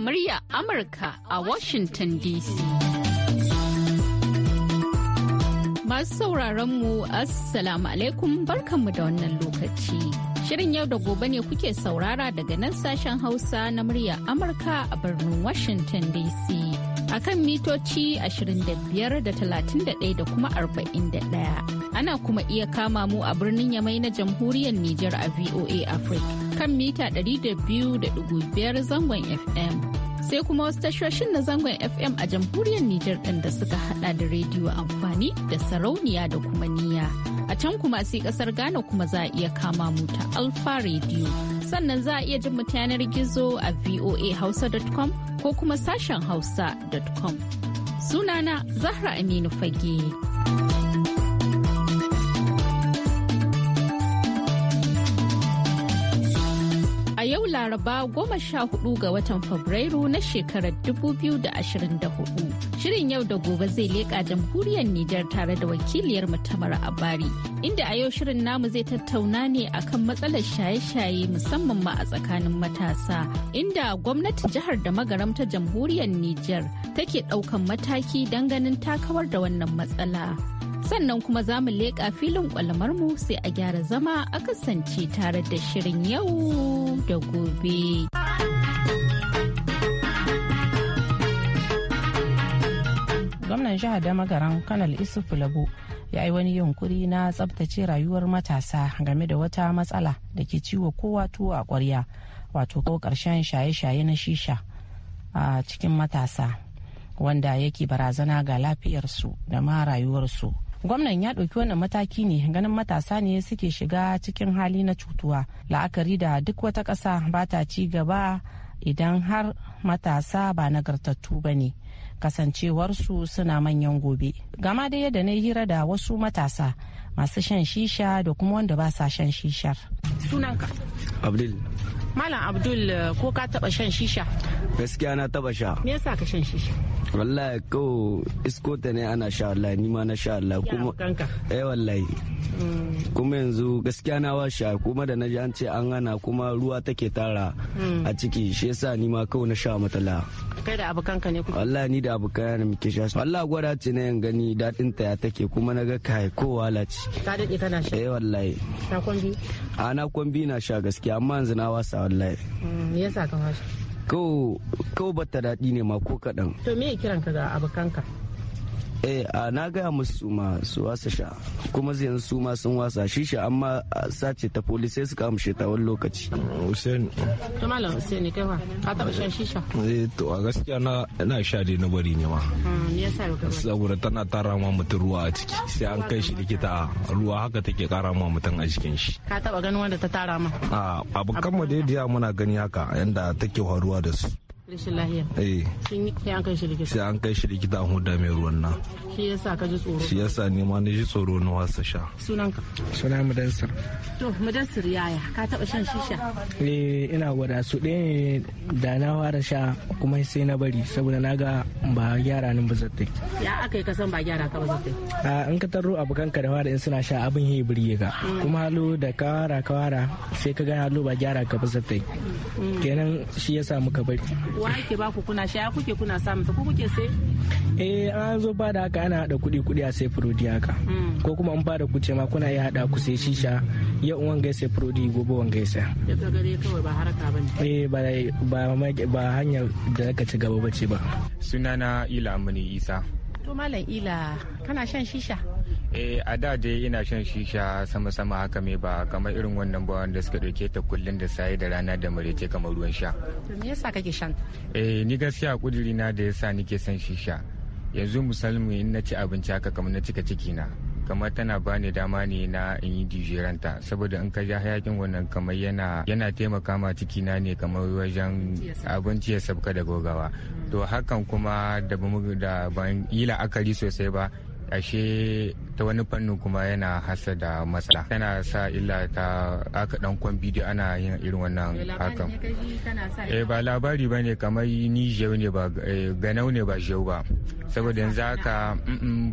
murya Amurka a Washington DC. Masu sauraron mu Assalamu alaikum barkanmu da wannan lokaci. Shirin yau da gobe ne kuke saurara daga nan sashen Hausa na murya Amurka a birnin Washington DC. A kan mitoci 25 da 31 da kuma 41. Ana kuma iya kama mu a birnin Yamai na jamhuriyar Nijar a VOA Africa. kan mita 200.5 zangon FM sai kuma wasu tashoshin na zangon FM a jamhuriyar Nijar ɗin da suka hada da rediyo amfani da sarauniya da kuma niyya. A can kuma sai ƙasar Ghana kuma za a iya kama mu ta Alfa Radio. Sannan za a iya jin yanar gizo a voahausa.com ko kuma sashen hausa.com. Sunana Zahra Aminu Fage. yau Laraba goma sha hudu ga watan Fabrairu na shekarar da da ashirin hudu Shirin yau da gobe zai leƙa jamhuriyar Nijar tare da wakiliyar Tamara Abari, inda a yau shirin namu zai tattauna ne akan matsalar shaye-shaye musamman ma a tsakanin matasa, inda gwamnati jihar da magaramta jamhuriyar Nijar take ɗaukan mataki don ganin takawar da wannan matsala. sannan kuma za mu leƙa filin mu sai a gyara zama a kasance tare da shirin yau da gobe. gwamnan jihar damagaran kanal isufu labu ya yi wani yunkuri na tsabtace rayuwar matasa game da wata matsala da ke ciwo kowa tuwo a kwarya wato ko karshen shaye-shaye na shisha a cikin matasa wanda yake barazana ga lafiyarsu da ma rayuwarsu. gwamnan ya ɗauki wannan mataki ne ganin matasa ne suke shiga cikin hali na cutuwa la'akari da duk wata ƙasa ba ta ci gaba idan har matasa ba nagartattu ba ne kasancewarsu suna manyan gobe gama dai yadda na hira da wasu matasa masu shan shisha da kuma wanda ba sa shan shishar sunanka Malam Abdul eh, ko ka taba shan shisha? Gaskiya na taba sha. Me yasa ka shan shisha? Wallahi ko iskota ne ana sha Allah ni ma na sha Allah. kuma eh wallahi. Mm. Kuma yanzu gaskiya na wa sha kuma da naji an ce an hana kuma ruwa take tara mm. a ciki shi yasa ni ma kawai na sha matala. Kai da ka ne ku. Wallahi ni da abokana ne muke sha. Wallahi gwada ce na yan gani dadin ta ya take kuma naga kai ko wala ce. Ka dade kana sha? Eh wallahi. Na kwambi? A na kwambi na sha gaskiya amma yanzu na wasa ta wallahi mm, me yasa ka fashi ko ko batta daɗi ne ma ko kaɗan to me kiran ka ga abokanka eh a na gaya musu su ma su wasa sha kuma zai su ma sun wasa shi sha amma sace ta polisai suka amshe ta wani lokaci Hussein to malam Hussein kai wa ka taba shan shisha eh to a gaskiya na ina sha dai na bari ne ma hmm, me yasa ka bari saboda tana tara ma mutum ruwa a ciki sai an kai shi likita ruwa haka take kara ma mutum a jikin shi ka taba ganin wanda ta tara ma a abokan mu da muna gani haka yanda take faruwa da su Rashin lahiya. Eh. Sai an kai shi likita. Sai an kai shi likita an huda mai ruwan nan. Shi yasa ka ji tsoro. Shi yasa ni ma ni ji tsoro na wasa sha. Sunanka. Suna Mudassir. To Mudassir yaya ka taba shan shisha? Eh ina gwada su ɗaya da na fara sha kuma sai na bari saboda na ga ba gyara nin ba zattai. Ya aka yi kasan ba gyara ka ba zattai. A in ka taro abokan ka da fara in suna sha abin yi birge ka. Mm. Kuma halo da ka fara sai ka ga halo ba gyara ka ba zattai. Mm. Kenan shi yasa muka bari. wa ake ba ku kuna shaya kuke kuna samun ta ko kuke sai eh an zo ba da haka ana hada kudi kudi a sai furodi haka hmm. ko kuma an ba da kuce ma kuna iya hada ku sai shisha yau wanga ya sai furodi gobe wanga ya sai ya gare kawai ba haraka bane eh ba ba hanyar da zaka ci gaba bace ba sunana ila muni isa To Malam Ila kana shan shisha? Eh a da dai ina shan shisha sama-sama haka mai ba kamar irin wannan ba wanda suka ɗauke ta kullum da saye da rana da marece kamar ruwan sha. To me yasa kake shan? Eh ni gaskiya kudiri na da yasa nike son shisha. Yanzu musalmi in na ci abinci haka kamar na cika ciki na. kamar tana bani dama ne na in yi dijeranta saboda in ka ja hayakin wannan kamar yana yana taimaka ma cikina ne kamar wajen abinci ya sabka da gogawa to hakan kuma da ban yi la'akari sosai ba ashe ta wani fannin kuma yana hasa da matsala tana sa illa ta aka dan kwan bidiyo ana yin irin wannan hakan eh ba labari ba ne kamar ni jau ne ba eh, ganau ne ba ba saboda yanzu haka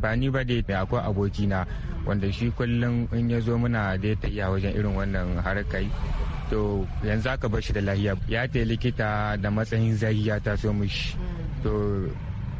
ba ni ba dai akwai abokina wanda shi kullum in ya zo muna dai ta iya wajen irin wannan harkai to yanzu aka bar shi da lahiya ya ta likita da matsayin zahiya ya taso mishi to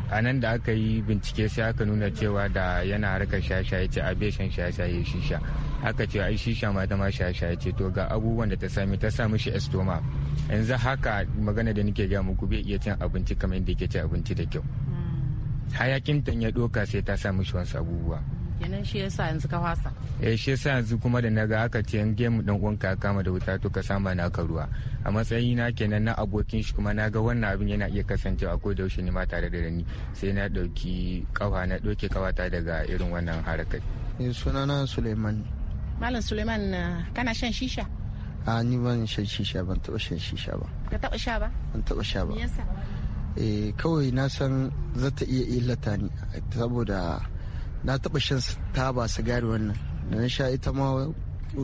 a nan da aka yi bincike sai aka nuna cewa da yana harkar shashaye ce a shan shashaye shisha aka ce ai shisha ma ta ma shashaye ce to ga abubuwan da ta sami ta sa mishi estoma yanzu haka magana da nake gaya muku bai iya cin abinci kamar yadda yake ci abinci da kyau hmm. hayakin ta ya doka sai ta sa mishi wasu abubuwa kenan shi yasa yanzu ka fasa eh shi yasa yanzu kuma da naga aka ce yan game dan uwan ka kama da wuta to ka sama naka ruwa a matsayi na kenan na abokin shi kuma naga wannan abin yana iya kasancewa ko da yaushe ne ma tare da ni sai na dauki kafa na doke kawata daga irin wannan harakar ni eh, sunana Suleiman Malam Suleiman eh, kana shan shisha a ni ban shan shisha ban taba shan shisha ba ka taba sha ba ban taba sha ba me yasa eh kawai na san zata iya illata ni saboda na taɓa shan taba sigari wannan da na sha ita ma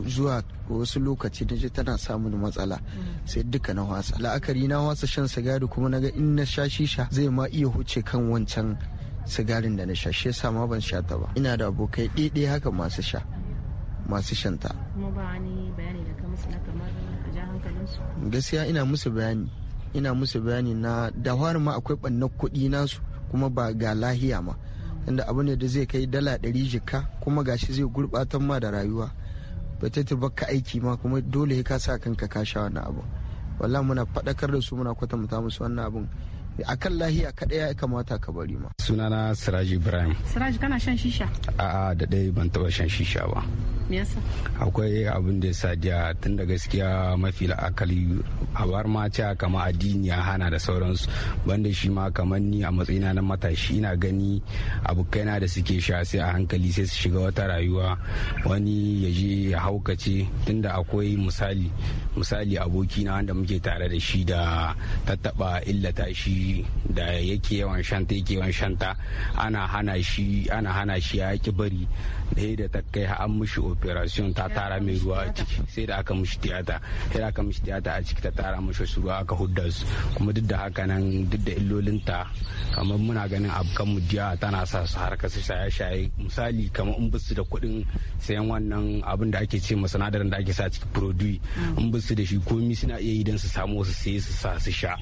zuwa wasu lokaci na je tana samun matsala sai duka na wasa la'akari na wasa shan sigari kuma na ga in na sha shisha zai ma iya huce kan wancan sigarin da na sha shi yasa ma ban sha ta ba ina da abokai ɗiɗi haka masu sha masu shanta kuma ba wani bayani da ka musu na kamar a ja hankalinsu gaskiya ina musu bayani ina musu bayani na da ma akwai ɓannan kuɗi nasu kuma ba ga lahiya ma inda abu ne da zai kai dala ɗari jika kuma gashi zai gurɓatar ma da rayuwa ba ta baka aiki ma kuma dole ka sa kanka ka sha wannan abu wala muna faɗakar da su muna kwatanta musu wannan abun a kan lahiya kaɗai ya kamata ka bari ma sunana siraji ibrahim siraji kana shan shisha a'a da ɗaya ban taɓa shan shisha ba akwai abin da ya sadiya tun da gaskiya mafi la'akali abar bar kama addini ya hana da sauransu banda shi ma kamar ni a matsayina na matashi ina gani abokaina da suke sha sai a hankali sai su shiga wata rayuwa wani ya je ya haukace tunda akwai misali misali abokina wanda muke tare da shi da tattaba illata shi da yake yawan shanta yake yawan shanta ana hana shi ana hana shi ya ki bari da da ta kai an mushi operation ta tara mai ruwa a ciki sai da aka mushi tiyata sai da aka mushi tiyata a ciki ta tara mushi su ruwa aka hudda su kuma duk da haka nan duk da illolinta kamar muna ganin abokan mu jiya tana sa su su shaye shaye misali kamar in bisu da kuɗin sayan wannan abin da ake ce sinadarin da ake sa ciki produce in bisu da shi komi suna iya yi don su samu wasu sai su sa su sha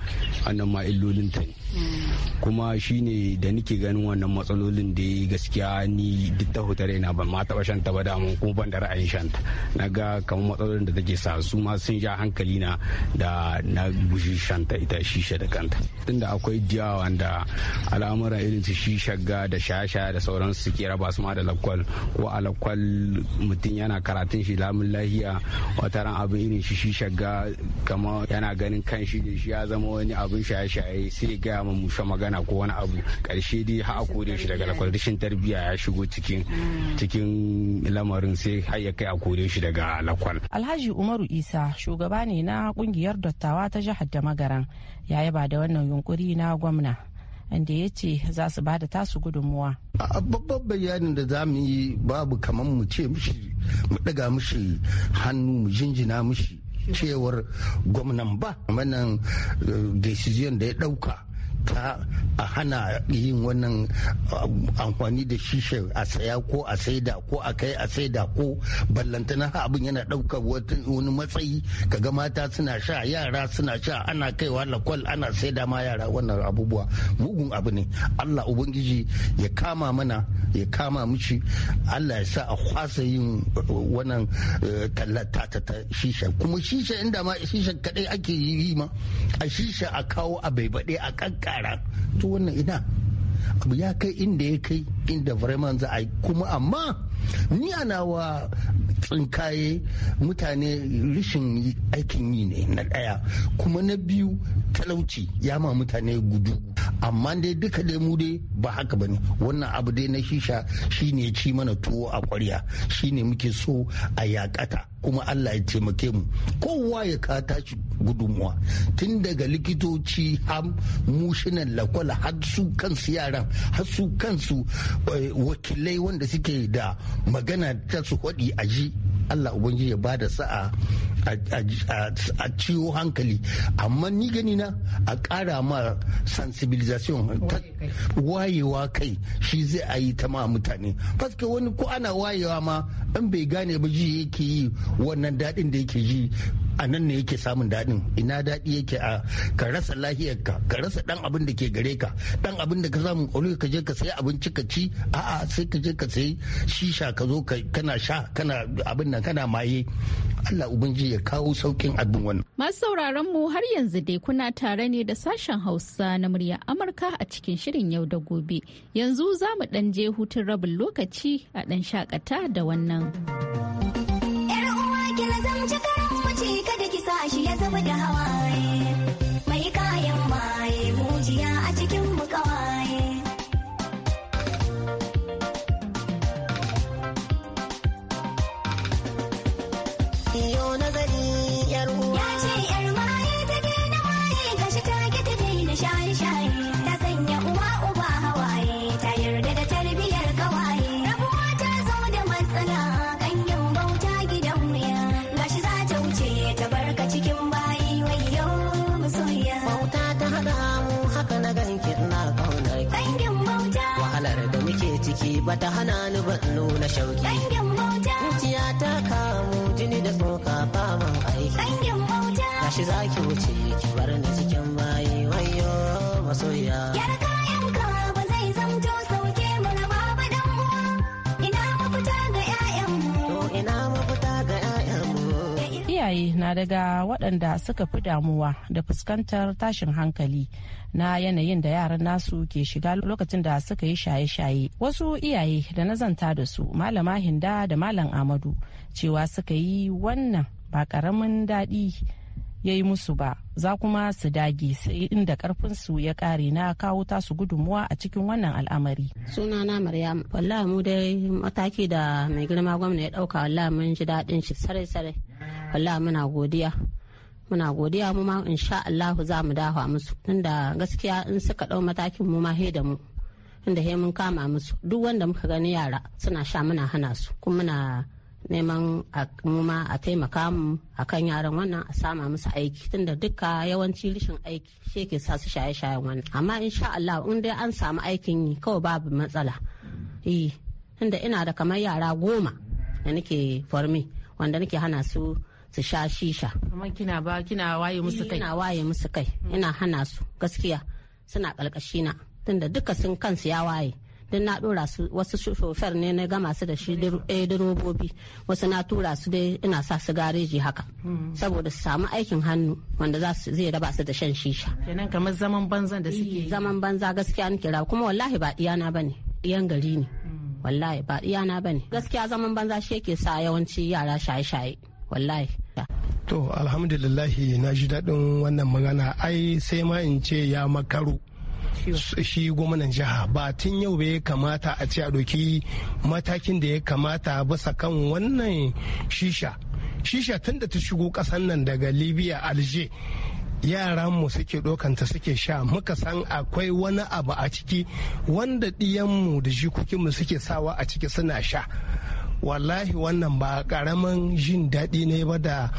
wannan ma illolinta ne hmm. kuma shine da nike ganin wannan matsalolin da gaskiya ni duk ta hutare na ban ma taɓa shanta ba da mun ko ban da ra'ayin shanta na ga kamar matsalolin da take sa su ma sun ja hankali na da na guji shanta ita shisha da kanta tunda akwai diya wanda al'amura irin su shisha ga da shasha da sauran su ke raba su ma da lakwal ko a lakwal mutum yana karatun shi lamun lahiya wata ran abin irin shi shisha ga kama yana ganin kan shi da shi ya zama wani abin shaye-shaye sai ya gaya ma mushe magana ko wani abu karshe dai ha'a kore shi daga lakwal rashin tarbiyya ya shigo cikin cikin lamarin sai har ya kai a kore shi daga lakwal. Alhaji Umaru Isa shugaba ne na kungiyar dattawa ta jihar da magaran ya yaba da wannan yunkuri na gwamna. inda ya ce za su ba da tasu gudunmuwa. A babban bayanin da za mu yi babu kamar mu ce mushi mu ɗaga mushi hannu mu jinjina mushi cewar gwamnan ba wannan eh, decision da ya ɗauka ta a hana yin wannan uh, amfani da shisha a saya ko a saida ko a kai a saida ko ballantana abin yana ɗaukar wani matsayi kaga mata suna sha yara suna sha ana kaiwa lakwal ana saida ma yara wannan abubuwa mugun abu ne allah ubangiji ya kama mana ya kama mishi allah ya sa a kwasa yin wannan uh, tallata ta shisha kuma shisha inda ma shisha kadai ake yi ma a shisha a kawo a baibade a kanka yara to wannan ina abu ya kai inda ya kai inda vraiment za a yi kuma amma ni ana wa tsinkaye mutane rishin aikin yi ne na ɗaya kuma na biyu talauci ya ma mutane gudu amma dai duka dai mu dai ba haka bane wannan abu dai na shisha shine ci mana tuwo a kwarya shine muke so a yakata kuma Allah ya taimake mu kowa ya ka tashi gudunmuwa tun daga likitoci mu mushinan lakwala har su kansu yaran har su kansu eh, wakilai wanda suke da magana ta su hwaɗi aji Allah ubangiji ya bada sa'a a ciwo hankali amma ni gani na a ƙara ma sensibilization wayewa kai shi zai a yi ta ma mutane paske wani ko ana wayewa ma in bai gane ba ji yake yi wannan daɗin da yake ji a nan ne yake samun daɗin ina daɗi yake a ka rasa lahiyarka ka rasa ɗan abin da ke gare ka ɗan abin da ka samu ƙwaru ka je ka sayi abinci ka ci a'a sai ka je ka sayi shisha ka zo kana sha kana abin nan kana maye Allah ubangiji ya kawo saukin abin wannan. Masu sauraron mu har yanzu dai kuna tare ne da sashen Hausa na murya Amurka a cikin shirin yau da gobe. Yanzu za mu ɗan je hutun rabin lokaci a ɗan shakata da wannan. 'Yar uwa zan 爱是颜色会更好啊。bata hana ni ba nuna shauki zuciya ta kamu jini da tsoka man aiki gashi zaki wuce ki bar ni cikin bayi wayo masoya na daga waɗanda suka fi damuwa da fuskantar tashin hankali na yanayin da yaran nasu ke shiga lokacin da suka yi shaye-shaye wasu iyaye da na zanta da su malama hinda da malam amadu cewa suka yi wannan ba ƙaramin daɗi ya yi musu ba za kuma su dage sai inda karfinsu ya kare na kawo tasu gudunmuwa a cikin wannan al'amari. suna na maryam wallahi mu dai mataki da mai girma gwamna ya dauka wallahi mun ji daɗin shi sarai sarai Allah muna godiya muna godiya mu ma insha Allah za mu dafa musu tunda gaskiya in suka ɗau matakin mu ma he da mu inda he mun kama musu duk wanda muka gani yara suna sha muna hana su kuma muna neman mu ma a taimaka mu akan yaran wannan a sama musu aiki tunda duka yawanci rashin aiki shi ke sa su shaye-shayen wannan amma insha Allah in dai an samu aikin yi kawai babu matsala eh tunda ina da kamar yara goma da nake formi wanda nake hana su su sha shisha kamar kina ba kina waye musu kai ina waye musu kai ina hana su gaskiya suna kalkashi na tunda duka sun kansu ya waye don na dora su wasu shofar ne na gama su da shi eh, robobi wasu na tura su dai ina sa su gareji haka hmm. saboda su samu aikin hannu wanda za su zai raba su da shan shisha kenan kamar zaman banzan da suke zaman banza gaskiya ni kira kuma wallahi ba iyana bane iyan gari ne hmm. wallahi ba iyana bane gaskiya zaman banza shi yake sa yawanci yara shaye-shaye wallahi To alhamdulillahi na ji daɗin wannan magana ai sai ma in ce ya makaru. shi gwamnan jiha ba tun yau bai kamata a ce a doki matakin da ya kamata bisa kan wannan shisha shisha tun da ta shigo kasan nan daga libya alger mu suke dokanta suke sha muka san akwai wani abu a ciki wanda ɗiyanmu da mu suke sawa a ciki suna sha wallahi wannan ba ƙaramin jin daɗi ne ba da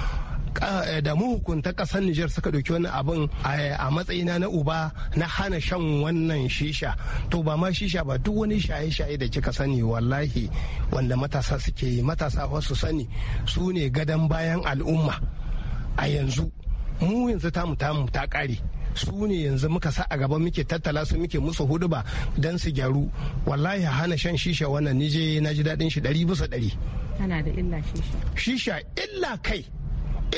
Eh, da mahukunta kasar Nijar suka ɗauki wani abin eh, a matsayina na uba na hana shan wannan shisha to ba ma shisha ba duk wani shaye-shaye da kika sani wallahi wanda matasa suke yi matasa wasu sani su ne gadon bayan al'umma a yanzu mu yanzu tamu tamu ta ƙare su ne yanzu muka sa a gaba muke tattala su muke musu huduba don su gyaru wallahi hana shan shisha wannan nije na ji daɗin shi ɗari bisa ɗari. tana da illa shisha. shisha illa kai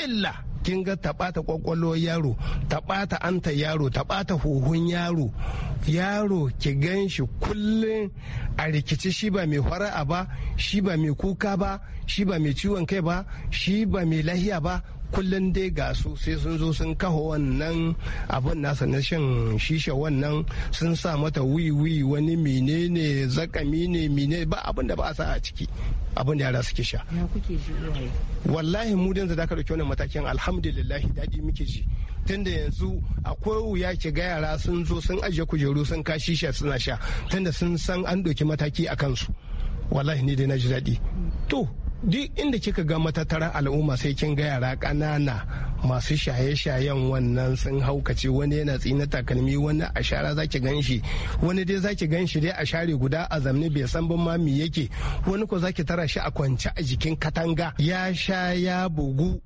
illa kin ga taɓata kwakwalo yaro taɓata anta yaro taɓata huhun yaro yaro ki gan shi kullum a rikici shi ba mai fara'a ba shi ba mai kuka ba shi ba mai ciwon kai ba shi ba mai lahiya ba kullum dai ga su sai sun zo sun kaho wannan abin nasa na shan shisha wannan sun sa mata wiwi wani menene zakami ne mine ba abin da ba a sa a ciki abin da yara suke sha wallahi mu dan da ka dauki wannan matakin alhamdulillah dadi muke ji tunda yanzu akwai wuya ki ga yara sun zo sun ajiye kujeru sun ka shisha suna sha tunda sun san an ɗauki mataki a kansu wallahi ni dai na ji daɗi to duk inda kika ga matattarar al'umma sai kin ga yara ƙanana masu shaye-shayen wannan sun haukace wani yana tsina takalmi wani a shara zaki gan shi wani dai zaki gan shi dai a share guda a zamne bai san ban ma me yake wani ko zaki tara shi a kwance a jikin katanga ya sha ya bugu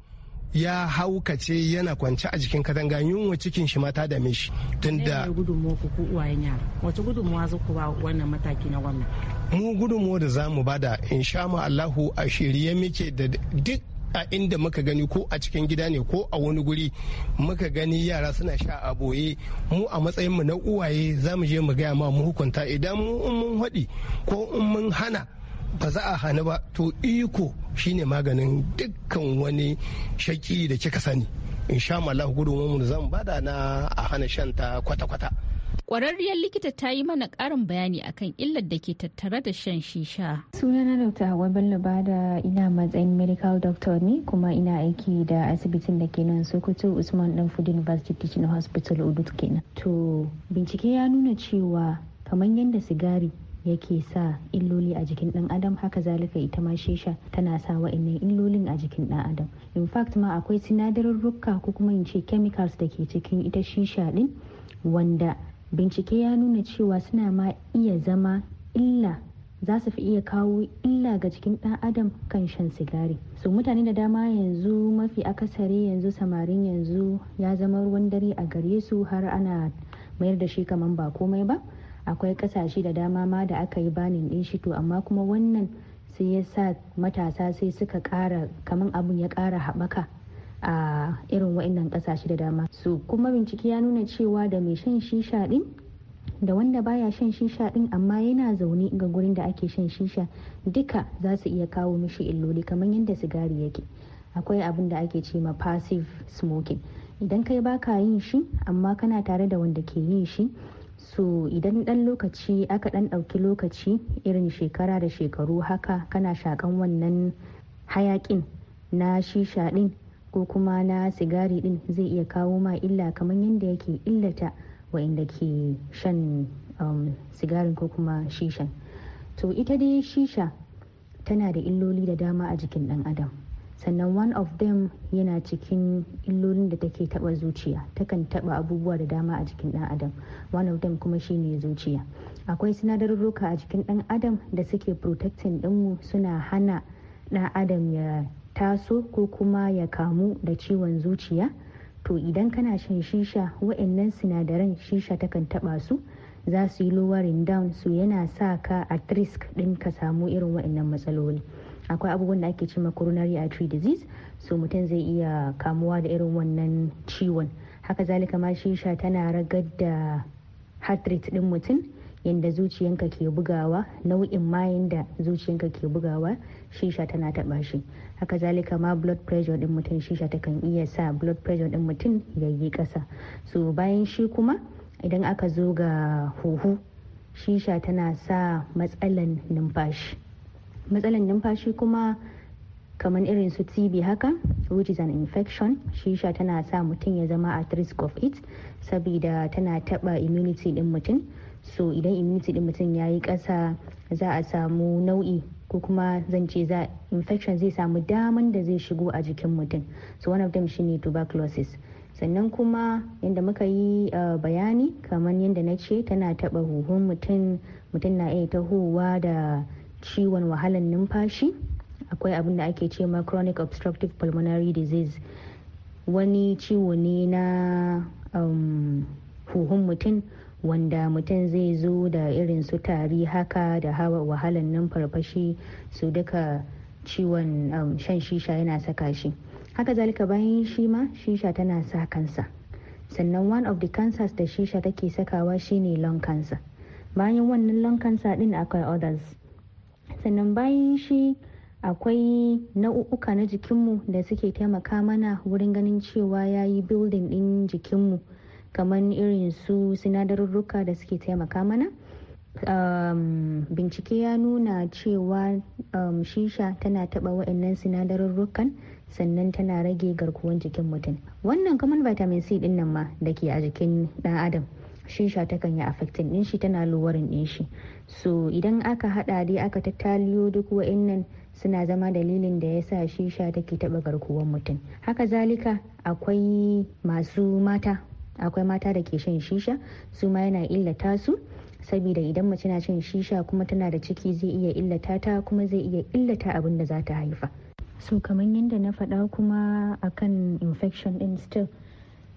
ya haukace yana kwance a jikin katanga yunwa cikin shi mata da mishi tunda gudunmuwa ku ku uwayen yara wace gudunmuwa za ku ba wannan mataki na wannan. mu gudunmu da za mu bada in sha Allahu a shirye muke da duk a inda muka gani ko a cikin gida ne ko a wani guri muka gani yara suna sha a boye mu a matsayin mu na uwaye za mu je mu gaya ma mu hukunta idan mu mun haɗi ko in mun hana ba za a hana ba to iko shine maganin dukkan wani shaki da kika sani in sha allahu gudunmu da za mu bada na a hana shanta kwata-kwata. Ƙwararriyar likita ta yi mana ƙarin bayani akan illar da ke tattare da shan shisha. Sunana Dr. Hawa Bello Bada ina matsayin medical doctor ne kuma ina aiki da asibitin da ke nan Sokoto Usman Danfod University Teaching Hospital Udut kenan. To bincike ya nuna cewa kamar yadda sigari yake sa illoli a jikin ɗan adam haka zalika ita ma shisha tana sa wa'annan illolin a jikin ɗan adam in fact ma akwai sinadarurruka ko kuma in ce chemicals da ke cikin ita shisha ɗin wanda bincike ya nuna cewa suna ma iya zama illa za su fi iya kawo illa ga cikin ɗan adam kan shan sigari su mutane da dama yanzu mafi akasari yanzu samarin yanzu ya zama ruwan dare a gare su har ana mayar da shi kaman ba komai ba akwai kasashe da dama ma da aka yi banin din shi to amma kuma wannan sai ya sa matasa sai suka kara kaman abun ya kara haɓaka a irin waɗannan ƙasashe da dama su kuma bincike ya nuna cewa da mai shan shisha ɗin da wanda baya shan shisha din amma yana zaune ga gurin da ake shan shisha duka za su iya kawo mishi illoli kamar yadda sigari yake akwai abin da ake ce ma passive smoking idan kai baka yin shi amma kana tare da wanda ke yin shi so idan dan lokaci aka dan dauki lokaci irin shekara da shekaru haka kana shakan wannan hayakin na shisha din ko kuma na sigari din zai iya kawo ma illa kamar yadda yake illata wa'inda ke shan um, sigarin ko kuma shishan to ita dai shisha tana da illoli da dama a jikin dan adam sannan one of them yana cikin illolin da take taba zuciya takan taba abubuwa da dama a jikin dan adam one of them kuma shine zuciya akwai sinadarurruka a jikin dan adam da suke protecting dinmu suna hana dan adam ya taso ko kuma ya kamu da ciwon zuciya to idan kana shan shisha wa'annan sinadaran shisha takan taba su za su yi lowering down su yana sa ka at risk din ka samu irin wa'annan matsaloli akwai abubuwan da ake cima coronary artery disease so mutum zai iya kamuwa da irin wannan ciwon haka zalika ma shisha tana ragar da heart rate din mutum yadda zuciyanka ke bugawa nau'in mayin da zuciyanka ke bugawa shisha tana taba shi haka zalika ma blood pressure din mutum shisha takan iya sa blood pressure din mutum ya yi kasa so bayan shi kuma idan aka zo ga huhu shisha tana sa matsalan numfashi matsalan numfashi kuma kamar irin su tb haka which is an infection shisha tana sa mutum ya zama at risk of it saboda tana taɓa immunity din mutum so idan immunity din mutum ya yi ƙasa za a samu nau'i ko kuma zan ce za infection zai samu daman da zai shigo a jikin mutum so one of them shine tuberculosis sannan kuma yadda muka yi uh, bayani kamar yadda na ce tana taba huhun mutum mutum na iya tahowa da ciwon wahalan numfashi akwai abin da ake ce ma chronic obstructive pulmonary disease wani ciwo ne na um, huhun mutum wanda mutum zai zo da irin su tari haka da hawa wahalan nan farfashi su duka ciwon um, shan shisha yana saka shi haka zalika bayan shi ma shisha tana sa kansa sannan one of the cancers da shisha take sakawa shine lung cancer bayan wannan lung cancer din akwai others sannan bayan shi akwai nau'uka na jikinmu da suke taimaka mana wurin ganin cewa ya yi building din jikinmu kamar irin su sinadarurruka da suke taimaka mana um, bincike ya nuna cewa um, shisha tana taɓa waɗannan sinadarurrukan sannan tana rage garkuwan jikin mutum wannan kamar vitamin c din nan ma da ke a jikin ɗan adam shisha ta kan yi affecting ɗin shi tana luwarin ɗin shi so idan aka haɗa dai aka tattaliyo duk wa'annan suna zama dalilin da ya sa shisha take taɓa garkuwan mutum haka zalika akwai masu mata akwai mata da ke shan shisha su ma yana illata su saboda idan mace na shan shisha kuma tana da ciki zai iya illata ta kuma zai iya illata abin da za ta haifa so kamar yadda na faɗa kuma akan infection din still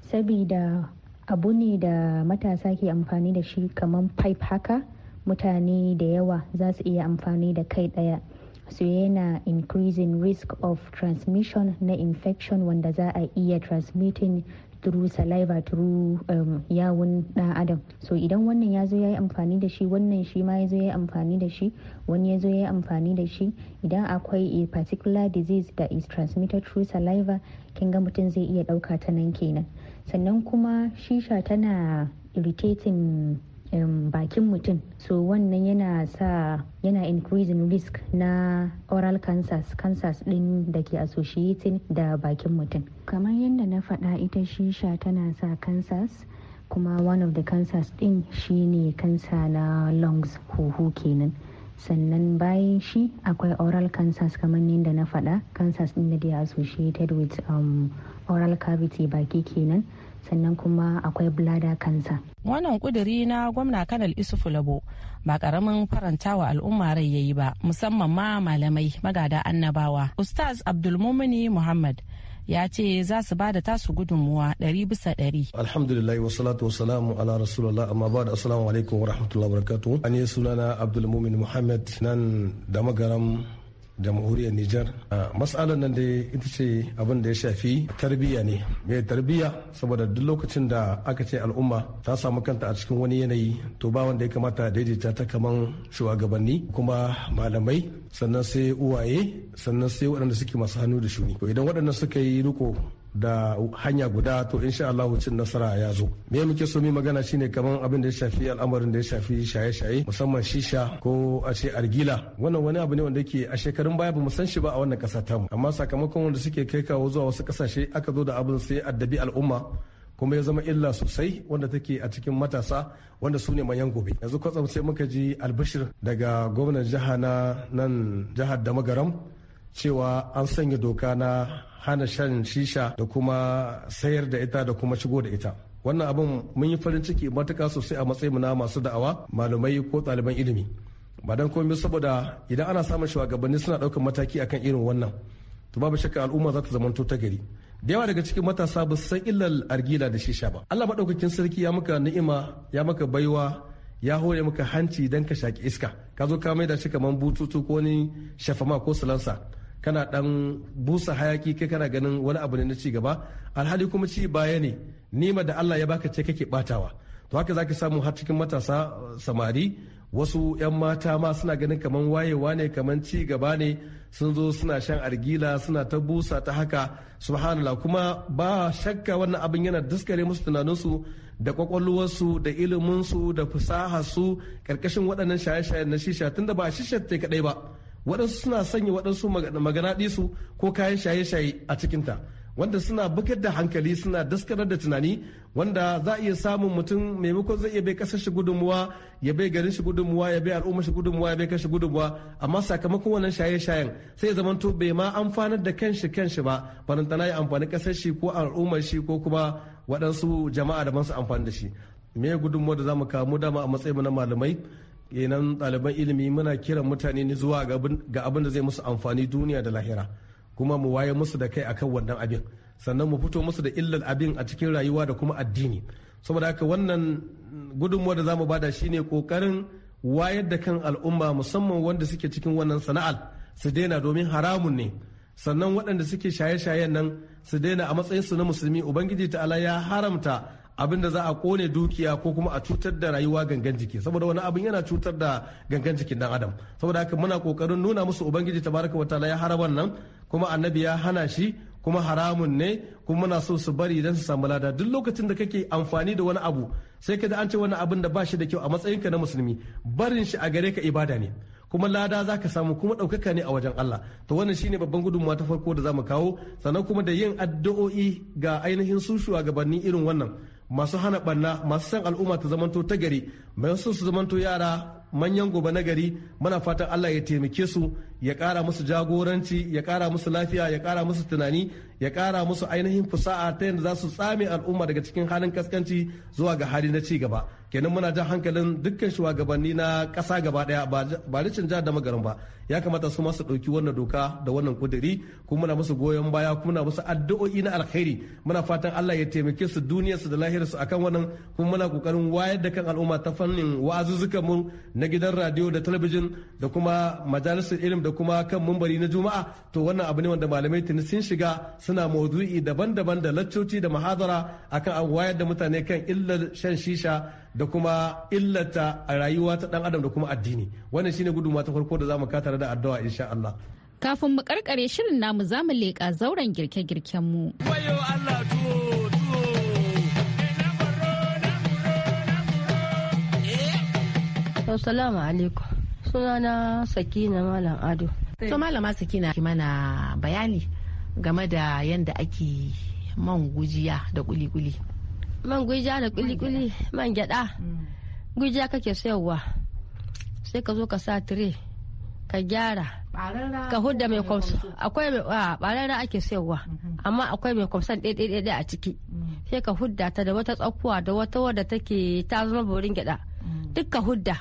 saboda abu ne da matasa ke amfani da shi kamar pipe haka mutane da yawa za su iya amfani da kai ɗaya su yana increasing risk of transmission na infection wanda za a iya transmitting through saliva through um, yawun dan adam so idan wannan ya zo ya yi amfani da shi wannan shi ma ya zo ya yi amfani da shi wani ya zo ya yi amfani da shi idan akwai a particular disease that is transmitted through saliva kin ga mutum zai iya ɗauka ta nan kenan sannan kuma shisha tana irritating bakin mutum so wannan yana sa yana increasing risk na oral cancers cancers din da ke associating da bakin mutum kamar yadda na faɗa ita shisha tana sa cancers kuma one of the cancers din shine kansa na lungs huhu kenan sannan bayan shi akwai oral cancers kamar yadda na faɗa cancers din da they associated with um, oral cavity baki kenan sannan kuma akwai blada kansa wannan kuduri na gwamna kanal isufu labo ba karamin wa al'umma rai yayi ba musamman ma malamai magada annabawa ustaz abdulmumini muhammad ya ce za su ba da tasu gudunmuwa ɗari bisa ɗari. Alhamdulillah wa salatu ala rasulullah amma ba da assalamu alaikum wa rahmatullahi wa an yi sunana abdulmumin Muhammad nan da magaram jamhuriyar Nijar. Matsalar nan da ita ce abin da ya shafi tarbiyya ne. Mai tarbiyya saboda duk lokacin da aka ce al'umma ta samu kanta a cikin wani yanayi to ba wanda ya kamata daidaita ta kaman shugabanni kuma malamai sannan sai uwaye sannan sai waɗanda suke masu hannu da shuni. To idan waɗannan suka yi riko da hanya guda to insha Allah cin nasara ya zo me muke so mu magana shine kaman abin da ya shafi al'amarin da ya shafi shaye-shaye musamman shisha ko a ce argila wannan wani abu ne wanda yake a shekarun baya bamu san shi ba a wannan kasa tamu amma sakamakon wanda suke kai kawo zuwa wasu kasashe aka zo da abin sai addabi al'umma kuma ya zama illa sosai wanda take a cikin matasa wanda su ne manyan gobe yanzu kwatsam sai muka ji albashir daga gwamnan jiha na nan jihar da magaram cewa an sanya doka na hana shan shisha da kuma sayar da ita da kuma shigo da ita wannan abin mun yi farin ciki matuka sosai a matsayin na masu da'awa malamai ko ɗaliban ilimi ba don komai saboda idan ana samun shugabanni suna ɗaukar mataki akan irin wannan to babu shakka al'umma za ta zamanto ta gari da yawa daga cikin matasa ba san illar argila da shisha ba Allah maɗaukakin sarki ya maka ni'ima ya maka baiwa ya hore maka hanci don ka shaki iska ka zo ka mai da shi kamar bututu ko ni shafama ko silansa kana dan busa hayaki kai kana ganin wani abu ne na ci gaba alhali kuma ci baya ne nima da Allah ya baka ce kake batawa to haka zaki samu har cikin matasa uh, samari wasu 'yan mata ma suna ganin kaman wayewa ne kaman ci gaba ne sun zo suna shan argila suna ta busa ta haka subhanallah kuma ba shakka wannan abin yana daskare musu tunaninsu da kwakwalwarsu da iliminsu da fasaharsu karkashin waɗannan shaye shaye na shisha tunda ba shisha ta kadai ba waɗansu suna sanya waɗansu maganaɗisu ko kayan shaye-shaye a cikinta wanda suna bugar da hankali suna daskarar da tunani wanda za iya samun mutum maimakon zai iya bai kasar shi gudunmuwa ya bai garin shi gudunmuwa ya bai al'ummar shi gudunmuwa ya bai kashi gudunmuwa amma sakamakon wannan shaye-shayen sai ya zamanto bai ma amfanar da kanshi kanshi ba farantana ya amfani kasar shi ko al'ummar shi ko kuma waɗansu jama'a da su amfani da shi me gudunmuwa da za mu kawo mu dama a matsayin na malamai kenan ɗaliban ilimi muna kiran mutane ne zuwa ga abin da zai musu amfani duniya da lahira kuma mu waye musu da kai akan wannan abin sannan mu fito musu da illar abin a cikin rayuwa da kuma addini saboda haka wannan gudunmuwa da zamu bada shine kokarin wayar da kan al'umma musamman wanda suke cikin wannan sana'ar su daina domin haramun ne sannan waɗanda suke shaye-shayen nan su daina a matsayin su na musulmi ubangiji ta'ala ya haramta abin da za a kone dukiya ko kuma a cutar da rayuwa gangan jiki saboda wani abin yana cutar da gangan jikin dan adam saboda haka muna kokarin nuna musu ubangiji tabaraka wa ta'ala ya nan nan kuma annabi ya hana shi kuma haramun ne kuma muna so su bari idan su samu lada duk lokacin da kake amfani da wani abu sai ka an ce wani abin da ba shi da kyau a matsayinka na musulmi barin shi a gare ka ibada ne kuma lada za ka samu kuma ɗaukaka ne a wajen Allah to wannan shine babban gudunmuwa ta farko da za mu kawo sannan kuma da yin addu'o'i ga ainihin su shugabanni irin wannan masu hana barna masu san al'umma ta zamanto ta gari bayan sun su zamanto yara manyan gobe na gari muna fatan Allah ya taimake su ya kara musu jagoranci ya kara musu lafiya ya kara musu tunani ya kara musu ainihin fusa'a ta yadda za su tsame al'umma daga cikin halin kaskanci zuwa ga hali na ci gaba kenan muna jan hankalin dukkan shugabanni na kasa gaba daya ba ricin jihar dama garin ba ya kamata su masu ɗauki wannan doka da wannan kuduri kuma muna musu goyon baya kuma muna musu addu'o'i na alkhairi muna fatan Allah ya taimake su duniyarsu da lahirarsu akan wannan kuma muna kokarin wayar da kan al'umma ta fannin wa'azuzzuka mu na gidan radio da talabijin da kuma majalisar ilim da kuma kan mumbari na juma'a to wannan abu ne wanda malamai tuni sun shiga suna maudu'i daban-daban da laccoci da mahadara akan wayar da mutane kan illar shan shisha da kuma illata a rayuwa ta dan adam da kuma addini wannan shine guduma ta farko da zamu katara da addu'a insha Allah kafin mu karkare shirin namu zamu leƙa zauren girke-girken mu. Allah To salamu alaikum. Sunana Sakina Malam Ado. To Malama Sakina ki mana bayani game da yanda ake man gujiya da kuli-kuli. Man gujiya da kuli-kuli man gyada. Mm. Gujiya kake sayarwa. Sai ka zo ka sa tire ka gyara ka hudda mai kwamsa akwai mai barara ake sayarwa mm-hmm. amma akwai mai kwamsan ɗaiɗaiɗaiɗa a ciki mm. sai ka hudda ta da wata tsakuwa da wata wadda take ta zama borin gyada mm. duk ka hudda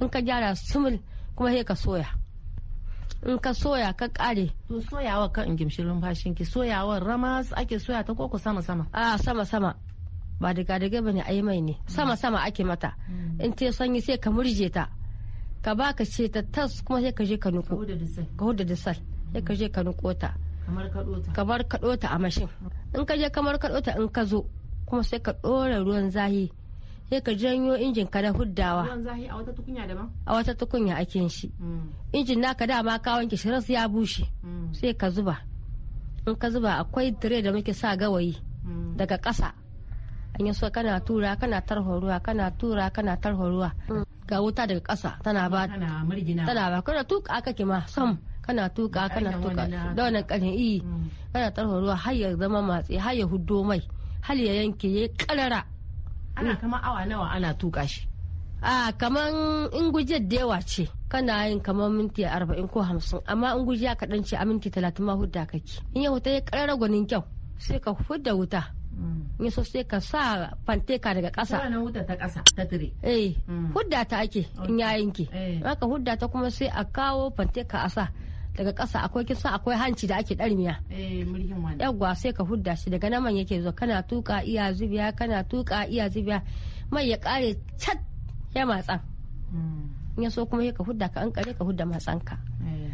in ka gyara sumul kuma sai ka soya in ka soya ka kare to soyawa kan in gimshi lumfashin ki soyawar rama ake soya ta koko sama sama a sama sama ba daga daga bane ai mai ne sama sama ake mata mm. in te sanyi sai ka murje ta ka ba ka ce ta tas kuma sai ka je ka nuko ka huda da sal sai ka je ka nuko ta kamar kaɗo ta a mashin in ka je kamar kaɗo in ka zo kuma sai ka ɗora ruwan zahi sai ka janyo injin ka na huddawa a wata tukunya ake shi mm. injin naka dama kawon wanke shi ras ya bushe mm. sai ka zuba in ka zuba akwai dire da muke sa gawayi mm. daga ƙasa an yi kana tura kana tarhoruwa kana tura kana tarhoruwa ga wuta daga ƙasa tana ba tana ba kana tuka aka kima sam kana tuka kana tuka da wannan ƙarin iyi kana tarhoruwa har ya zama matsi har ya huddo mai har ya yanke ya karara ana hmm. kama awa nawa ana tuka shi a kaman in guje da yawa ce kana yin kamar minti arba'in ko hamsin amma in ka kaɗan ce a minti talatin ma hudda kake in ya wuta ya karara gwanin kyau sai ka hudda wuta hmm. in so sai ka sa fanteka daga ƙasa wannan wuta ta ƙasa ta tire eh hmm. hudda ta ake in ya yanke eh. ka hudda ta kuma sai a kawo fanteka a sa daga ƙasa akwai kisa akwai hanci da ake ɗarmiya eh, yawwa sai ka hudda shi daga naman yake zo kana tuka iya zubiya kana tuka iya zubiya mai ya ƙare cat ya matsan hmm. in ya so kuma ka hudda ka an ƙare ka hudda matsanka eh.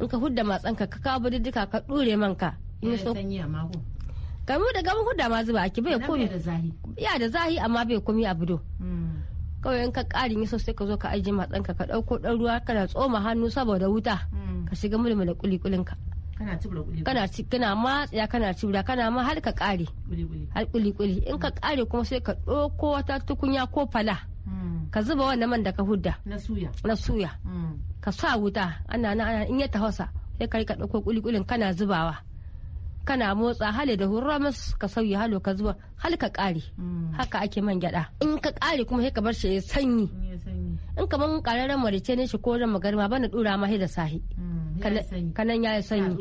in ka hudda matsanka ka kawo duka ka ɗure manka in ya eh, so kamu da gaban hudda ma zuba ake bai komi ya da zahi amma bai komi a budo hmm. kawai in ka ƙari in so sai ka zo ka ajiye matsanka ka ɗauko ɗan ruwa kana tsoma hannu saboda wuta hmm. ka shiga mulmula kulikulin ka kana ci kana matsaya kana cibra kana ma har ka kare har kulikuli in ka kare kuma sai ka ɗauko wata tukunya ko fala hmm. ka zuba wannan man da ka hudda na suya hmm. ka sa wuta ana na ana in ya tahosa sai ka rika ɗauko kulikulin kana zubawa kana motsa hali da hurramus ka sauya halo ka zuwa hal ka kare hmm. haka ake man gyada in ka kare kuma sai ka bar shi ya sanyi in kaman kararren marice ne shi ko ran magarma bana dura ma da sahi kanan ya yi sanyi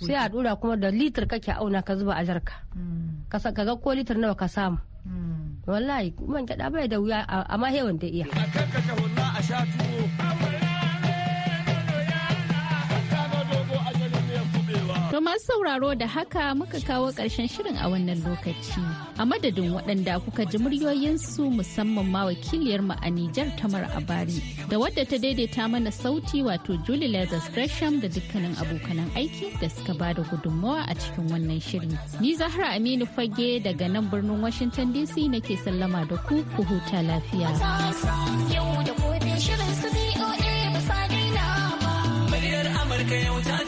sai a dura kuma da litir kake auna ka zuba a jarka mm. ka ga ko litir nawa ka samu mm. wallahi man gyada bai da wuya amma hewan da iya masu sauraro da haka muka kawo ƙarshen shirin a wannan lokaci. A madadin waɗanda kuka ji muryoyinsu musamman ma wakiliyar mu a Nijar Tamar Abari da wadda ta daidaita mana sauti wato Julie Lazarus Gresham da dukkanin abokanan aiki da suka ba da gudunmawa a cikin wannan shirin Ni Zahra Aminu Fage daga nan birnin Washington DC nake sallama da ku ku huta lafiya. Yau da shirin su ba sa Amurka yau ta